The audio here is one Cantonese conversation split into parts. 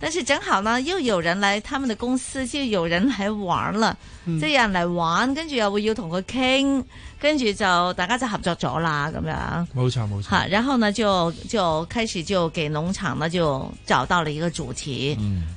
但是正好呢，又有人來他們的公司，就有人來玩了。嗯、這樣來玩，跟住又要同佢傾，跟住就大家就合作咗啦，咁樣。冇錯冇錯。吓，然後呢就就開始就給農場呢就找到了一個主題。嗯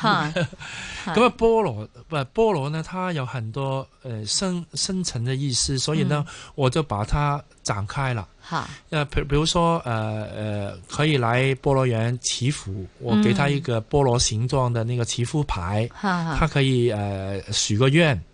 哈，咁 啊 菠蘿唔係菠蘿呢，它有很多誒深深層的意思，所以呢、嗯、我就把它展開了，哈，誒，比，比如說誒誒、呃呃，可以來菠蘿園祈福，我給他一個菠蘿形狀的那個祈福牌，哈、嗯，他可以誒、呃、許個願。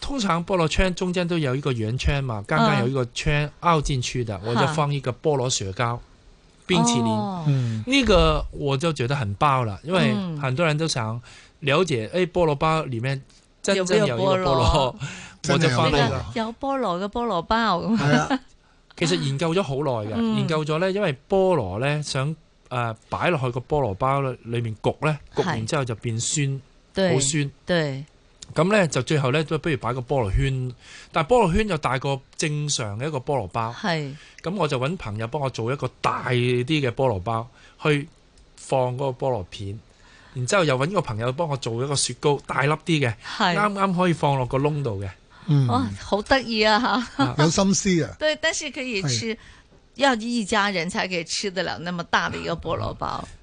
通常菠蘿圈中間都有一個圓圈嘛，剛剛有一個圈凹進去的，我就放一個菠蘿雪糕、冰淇淋，呢、哦、個我就覺得很包了，因為很多人都想了解，誒、哎，菠蘿包裏面真正有一個菠蘿，我就發現有菠蘿嘅菠蘿包，係啊，其實研究咗好耐嘅，研究咗呢，因為菠蘿呢，想誒擺落去個菠蘿包裏裏面焗呢，焗完之後就變酸，好酸，對。對咁呢，就最後呢，都不如擺個菠蘿圈，但係菠蘿圈就大過正常嘅一個菠蘿包。係，咁我就揾朋友幫我做一個大啲嘅菠蘿包，去放嗰個菠蘿片，然之後又揾個朋友幫我做一個雪糕，大粒啲嘅，啱啱可以放落個窿度嘅。哇、嗯哦，好得意啊！ 有心思啊。對，但是可以吃，要一家人才可以吃得了那麼大的一個菠蘿包。啊。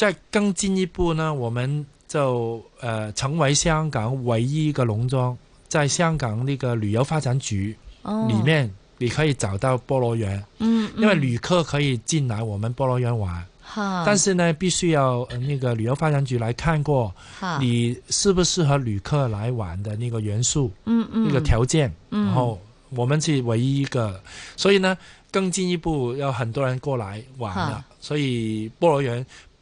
再更進一步呢，我們就呃成為香港唯一一個農莊，在香港那個旅遊發展局裏面，哦、你可以找到菠蘿園嗯。嗯，因為旅客可以進來我們菠蘿園玩。好，但是呢，必須要那個旅遊發展局來看過，你適不適合旅客來玩的那個元素，嗯嗯，那個條件、嗯。然後我們是唯一一個，嗯、所以呢更進一步，要很多人過來玩了。所以菠蘿園。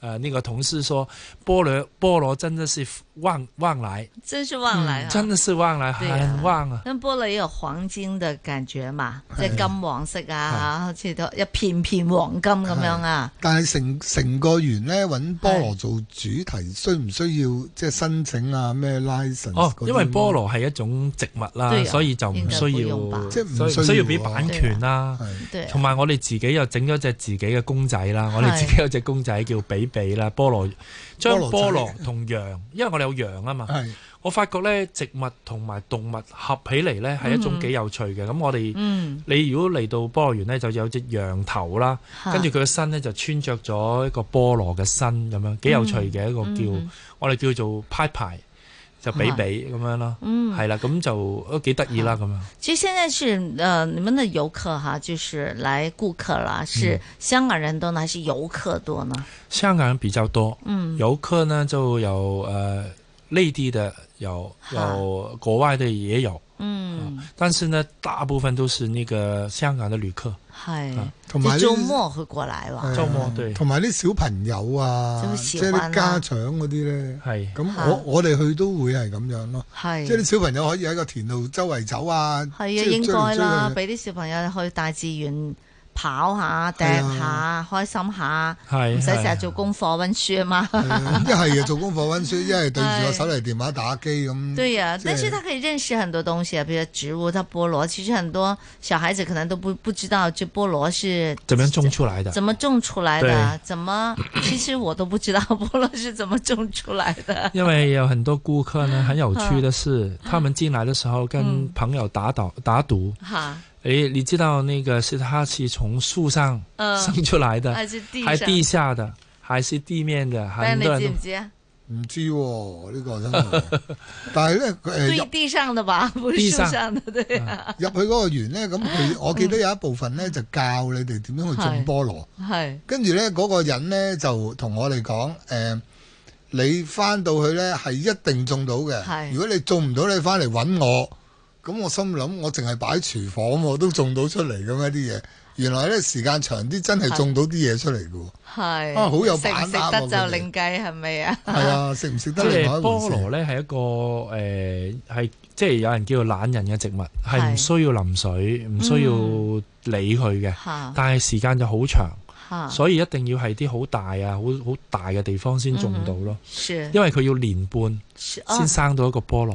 誒、呃，那個同事說菠蘿菠蘿真的是旺旺來，真是旺來，啊嗯，真的是旺來，很旺啊！但，啊啊、菠蘿也有黃金的感覺嘛，即係，啊就是、金黃色啊，好似一片片黃金咁樣啊！但係成成個園咧搵菠蘿做主題，需唔需要即係，就是、申請啊？咩 license？哦什麼，因為菠蘿係一種植物啦、啊啊，所以就唔需要，即唔、啊、需要俾版權啦。同、就、埋、是啊啊啊啊啊啊啊、我哋自己又整咗隻自己嘅公仔啦，啊啊、我哋自己有隻公仔叫比。比啦菠蘿，將菠蘿同羊，因為我哋有羊啊嘛。的我發覺咧植物同埋動物合起嚟咧係一種幾有趣嘅。咁、嗯、哼我哋，嗯、你如果嚟到菠蘿園咧，就有隻羊頭啦，的跟住佢嘅身咧就穿着咗一個菠蘿嘅身咁樣，幾有趣嘅一個叫、嗯、哼我哋叫做派派。就比比咁、啊、樣咯，係、嗯、啦，咁就都幾得意啦咁樣。其實現在是，呃你們的遊客哈、啊，就是來顧客啦，是香港人多呢，嗯、還是遊客多呢？香港人比較多，嗯，遊客呢就有誒，內、呃、地的有，有國外的也有。啊嗯，但是呢，大部分都是呢個香港的旅客，係，同埋周末會過來哇，周末對，同埋啲小朋友啊，即係啲家長嗰啲咧，係，咁我我哋去都會係咁樣咯，係，即係啲小朋友可以喺個田路周圍走啊，係啊，應該啦，俾啲小朋友去大自然。跑下掟下，啊、開心下，唔使成日做功課溫書啊嘛！一 係做功課溫書，一係對住個手提電話打機咁。對呀，啊就是，但是他可以認識很多東西啊，比如植物，他菠蘿，其實很多小孩子可能都不不知道，這菠蘿是，怎麼種出來的？怎麼種出來的？怎麼？其實我都不知道菠蘿是怎麼種出來的。因為有很多顧客呢，很有趣的是，啊、他們進來的時候跟朋友打賭，嗯、打賭。啊你，你知道那個是他是從樹上生出來的，呃、還是地還是地下的，還是地面的？但地面姐，唔知呢、哦呢個真係、哦， 但係呢，佢入對地上的吧，不是樹上的對、 啊。入去嗰個園呢，咁佢我記得有一部分呢， 就教你哋點樣去種菠蘿，係跟住呢，嗰、那個人呢，就同我哋講，誒、呃，你翻到去呢，係一定種到嘅，如果你種唔到，你翻嚟揾我。咁我心諗，我淨係擺喺廚房，我都種到出嚟噶一啲嘢？原來咧時間長啲，真係種到啲嘢出嚟噶。係啊，好有板、啊。食食得就另計，係咪 啊？係啊，食唔食得就另計。菠蘿咧，係一個誒，係、呃、即係有人叫做懶人嘅植物，係唔需要淋水，唔需要理佢嘅、嗯。但係時間就好長、嗯，所以一定要係啲好大啊，好好大嘅地方先種到咯、嗯。因為佢要年半，先生到一個菠蘿。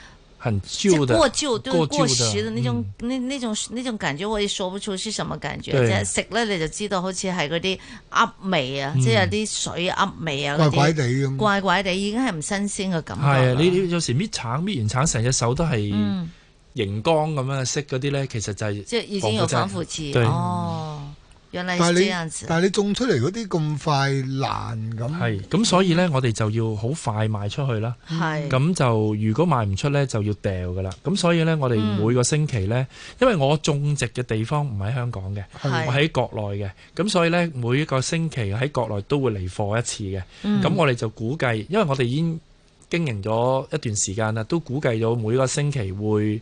很舊的過舊，對，過時的那種，那那種那種感覺，我也說不出是什麼感覺。即係食咧，你就知道好似係嗰啲噏味啊，即係啲水噏味啊，怪怪地咁，怪怪地已經係唔新鮮嘅感覺。係啊，你你有時搣橙，搣完橙，成隻手都係熒光咁樣色嗰啲咧，其實就係即係已經有防腐劑。哦。但係你，但係你種出嚟嗰啲咁快爛咁，係。咁所以呢，我哋就要好快賣出去啦。係，咁就如果賣唔出呢，就要掉噶啦。咁所以呢，我哋每個星期呢，因為我種植嘅地方唔喺香港嘅，我喺國內嘅，咁所以呢，每一個星期喺國內都會嚟貨一次嘅。咁我哋就估計，因為我哋已經經營咗一段時間啦，都估計到每個星期會，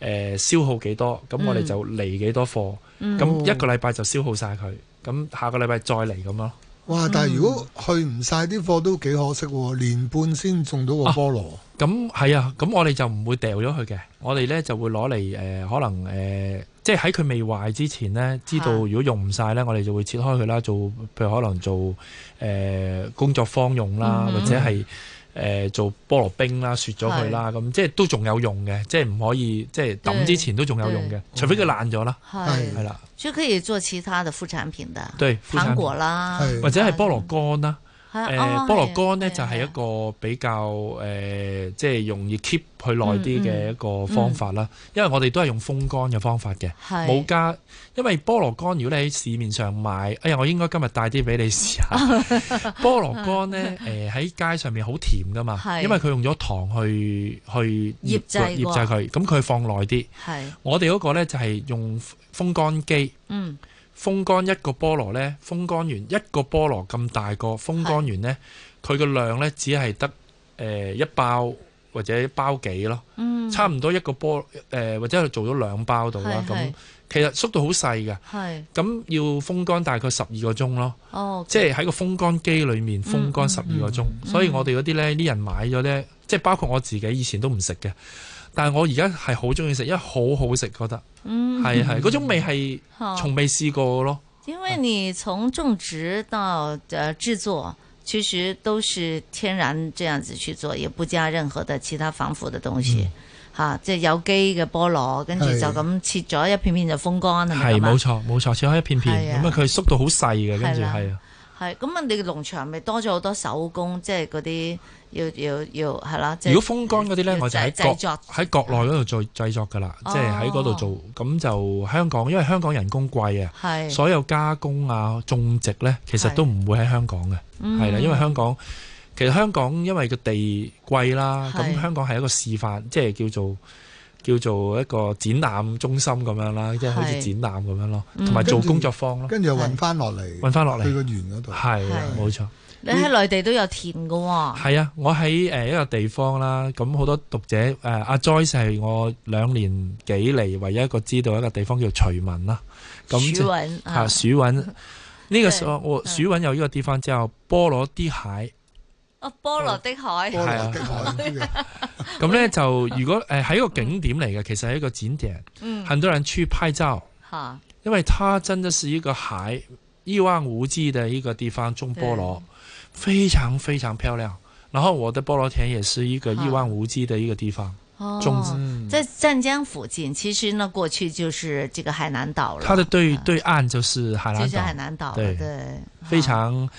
呃、消耗幾多，咁我哋就嚟幾多貨，咁、嗯、一個禮拜就消耗晒佢，咁下個禮拜再嚟咁咯。哇！嗯、但係如果去唔晒啲貨都幾可惜喎，年半先種到個菠蘿。咁係啊，咁、啊、我哋就唔會掉咗佢嘅，我哋呢就會攞嚟誒，可能誒、呃，即係喺佢未壞之前呢，知道如果用唔晒呢，我哋就會切開佢啦，做譬如可能做誒、呃、工作坊用啦，或者係。嗯嗯誒、呃、做菠蘿冰啦，雪咗佢啦，咁即係都仲有用嘅，即係唔可以即係抌之前都仲有用嘅，除非佢爛咗啦，係，係啦，即可以做其他嘅副產品嘅，對，副產品，糖果啦，或者係菠蘿乾啦。誒、呃 oh，菠蘿乾呢，就係、是、一個比較即係、呃就是、容易 keep 佢耐啲嘅一個方法啦。嗯嗯、因為我哋都係用風乾嘅方法嘅，冇加。因為菠蘿乾如果你喺市面上買，哎呀，我應該今日帶啲俾你試下。 菠蘿乾呢，喺、呃、街上面好甜㗎嘛，因為佢用咗糖去去醃製醃製佢，咁佢放耐啲。我哋嗰個呢，就係、是、用風乾機。嗯。風乾一個菠蘿呢，風乾完一個菠蘿咁大個，風乾完呢，佢個量呢只係得、呃、一包或者一包幾咯，嗯、差唔多一個菠、呃、或者係做咗兩包到啦。咁其實縮到好細嘅，咁要風乾大概十二個鐘咯，哦 okay、即係喺個風乾機裏面風乾十二個鐘、嗯嗯嗯。所以我哋嗰啲呢啲人買咗呢，即係包括我自己以前都唔食嘅。但係我而家係好中意食，因為好好食，覺得，係、嗯、係，嗰種味係從未試過咯。因為你從種植到嘅製作，其實都是天然這樣子去做，也不加任何的其他防腐嘅東西。即、嗯、係、啊就是、有機嘅菠蘿，跟住就咁切咗一片片就風乾，係咪？係冇錯冇錯，切開一片片，咁啊佢縮到好細嘅，跟住係啊。係，咁啊，你嘅農場咪多咗好多手工，即係嗰啲要要要係啦。即係如果風乾嗰啲咧，要我就喺國喺國內嗰度做製作噶啦，即係喺嗰度做。咁就香港，因為香港人工貴啊，是所有加工啊、種植咧，其實都唔會喺香港嘅，係啦是，因為香港、嗯、其實香港因為個地貴啦，咁香港係一個示範，即、就、係、是、叫做。叫做一個展覽中心咁樣啦，即係好似展覽咁樣咯，同埋做工作坊咯、嗯。跟住又揾翻落嚟，揾翻落嚟去個園度。係，冇錯。你喺內地都有田噶喎？係啊，我喺誒一個地方啦，咁好多讀者誒阿、啊、Joyce 係我兩年幾嚟唯一一個知道一個地方叫徐聞啦。咁就嚇徐聞呢個我徐聞有呢個地方之後，菠蘿啲蟹。啊、菠蘿的海係啊，咁呢，就如果誒喺、呃、一個景點嚟嘅，其實係一個景點，嗯，很多人去拍照，吓、嗯，因為它真的是一個海，一望無際的一個地方種菠蘿，非常非常漂亮。然後我的菠蘿田也是一個一望無際的一個地方，啊、種植、哦、在湛江附近。其實呢過去就是這個海南島，它的對對岸就是海南島，就是海南島，對，對，非常。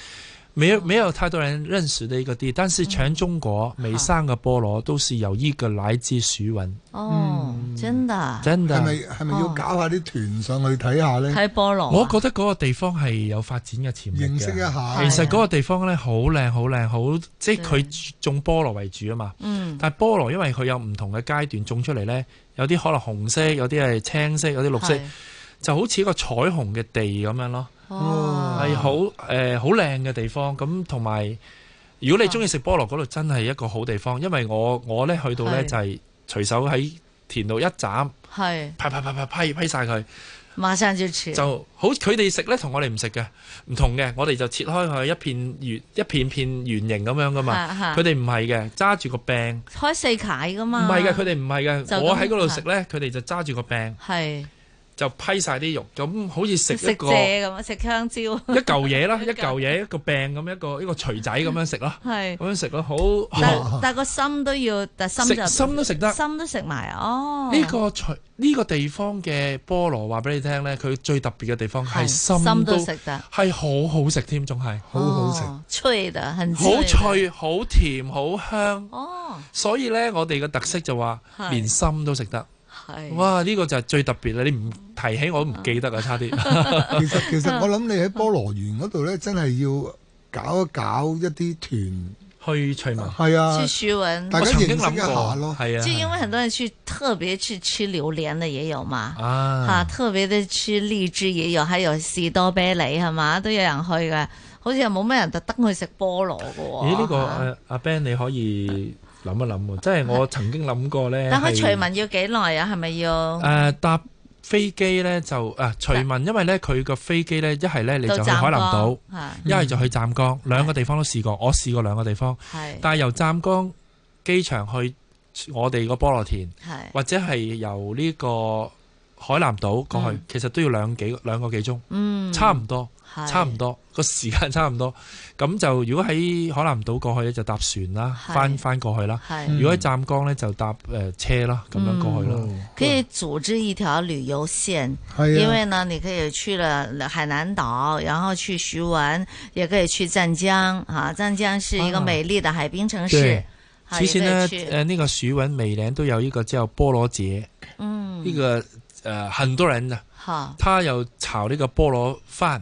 沒有沒有太多人認識的一個地，但是全中國未生嘅菠蘿都是由依個來自徐聞。哦，嗯、真的真噶，係咪係咪要搞下啲團上去睇下呢？睇菠蘿，啊，我覺得嗰個地方係有發展嘅潛力嘅。認識一下，其實嗰個地方呢，好靚，好靚，好即係佢種菠蘿為主啊嘛。但係菠蘿因為佢有唔同嘅階段種出嚟呢，有啲可能紅色，有啲係青色，有啲綠色，就好似一個彩虹嘅地咁樣咯。哦，係好誒，好靚嘅地方。咁同埋，如果你中意食菠蘿嗰度，真係一個好地方。因為我我呢去到呢，就係隨手喺田度一斬，係，劈劈劈劈劈批晒佢，馬上就切。就好，佢哋食呢，同我哋唔食嘅，唔同嘅。我哋就切開佢一片圓，一片片圓形咁樣噶嘛。佢哋唔係嘅，揸住個柄，開四解噶嘛。唔係嘅，佢哋唔係嘅。我喺嗰度食呢，佢哋就揸住個柄。係。就批晒啲肉，咁好似食蔗咁，食香蕉一嚿嘢啦，一嚿嘢一， 一個餅咁，一個一個錘仔咁樣食咯，咁 樣食咯，好但但個心都要，但心心都食得，心都食埋哦。呢個呢個地方嘅菠蘿話俾你聽咧，佢最特別嘅地方係心都食得，係好好食添，仲、哦、係好好食，脆得好脆，脆，好甜，好香哦。所以咧，我哋嘅特色就話連心都食得，哇！呢個就係最特別啦，你唔～提起我都唔記得啊，差啲。其實其實我諗你喺菠蘿園嗰度咧，真係要搞一搞一啲團去徐聞，係啊，大家曾經諗過，即係就因為很多人去特別去吃榴蓮咧，也有嘛，嚇特別的吃荔枝，嘢有喺度士多啤梨係嘛，都有人去㗎。好似又冇咩人特登去食菠蘿㗎喎。咦？呢個阿 Ben 你可以諗一諗喎，即係我曾經諗過咧。但去徐聞要幾耐啊？係咪要？誒搭。飛機呢就誒徐聞，是因為呢，佢個飛機呢一係呢，你就去海南島，一係就去湛江，是兩個地方都試過。我試過兩個地方，是但係由湛江機場去我哋個菠蘿田，是或者係由呢個海南島過去，是其實都要兩幾兩個幾鐘，嗯、差唔多。差唔多個時間差唔多，咁就如果喺海南島過去咧，就搭船啦，翻翻過去啦。如果喺湛江咧，就搭誒、呃、車啦。咁樣過去咯、嗯。可以組織一條旅遊線、啊，因為呢，你可以去了海南島，然後去徐聞，也可以去湛江。嚇，湛江是一個美麗的海濱城市、啊啊。之前呢，誒呢、呃這個徐聞每年都有一個叫菠蘿節，呢、嗯這個誒、呃、很多人呢、啊，他有炒呢個菠蘿飯。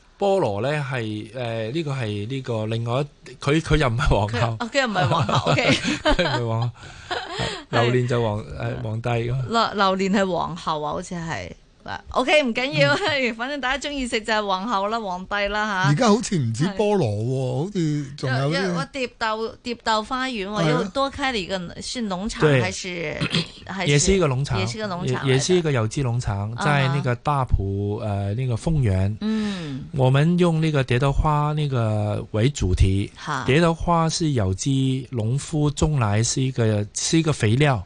菠蘿咧係誒呢個係呢、呢個另外一佢佢又唔係皇后，佢又唔係皇后，佢唔係皇后。榴蓮 就皇誒對、哎、皇帝個，榴榴蓮係皇后啊，好似係。O K，唔緊要，okay, 嗯、反正大家中意食就係皇后啦、皇帝啦吓。而家好似唔止菠蘿、喔，是好似仲有一。我蝶豆蝶豆花園我又多開了一個，是農場還是？對還是也是一個農場，也是一個農場，也是一個有機農場，在那個大埔誒、呃，那個鳳園。嗯，我們用那個蝶豆花那個為主題，蝶豆、嗯、花是有機農夫種來，是一個是一個，是一個肥料。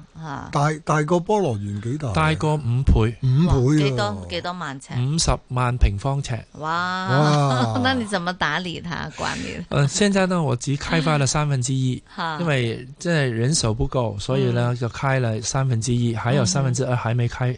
大大個菠蘿園幾大？大個五倍，五倍、啊。幾多？幾多萬尺？五十萬平方尺。哇！那咁你怎麼打理佢？吓，管理、呃？現在呢，我只開發了三分之一， 因為即係人手不夠，所以呢就開了三分之一、嗯，還有三分之二還沒開。嗯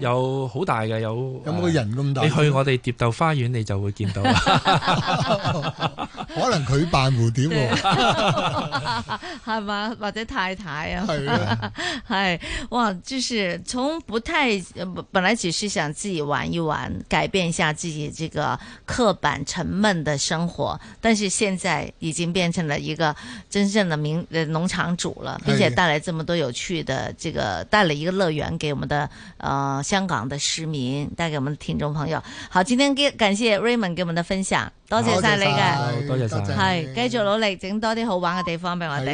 有好大嘅，有，有冇人咁大，呃？你去我哋蝶豆花園，你就會見到。 可能佢扮蝴蝶喎，啊，係嘛？或者太太啊？係，係哇！就是從不太本來只是想自己玩一玩，改變一下自己這個刻板沉悶的生活，但是現在已經變成了一個真正的名農場主了，並且帶來這麼多有趣的，這個帶了一個樂園給我們的，呃。呃、香港的市民帶給我們的聽眾朋友，好，今天給感謝 Raymond 給我們的分享，多謝晒你嘅，多謝晒，係繼續努力整多啲好玩嘅地方俾我哋。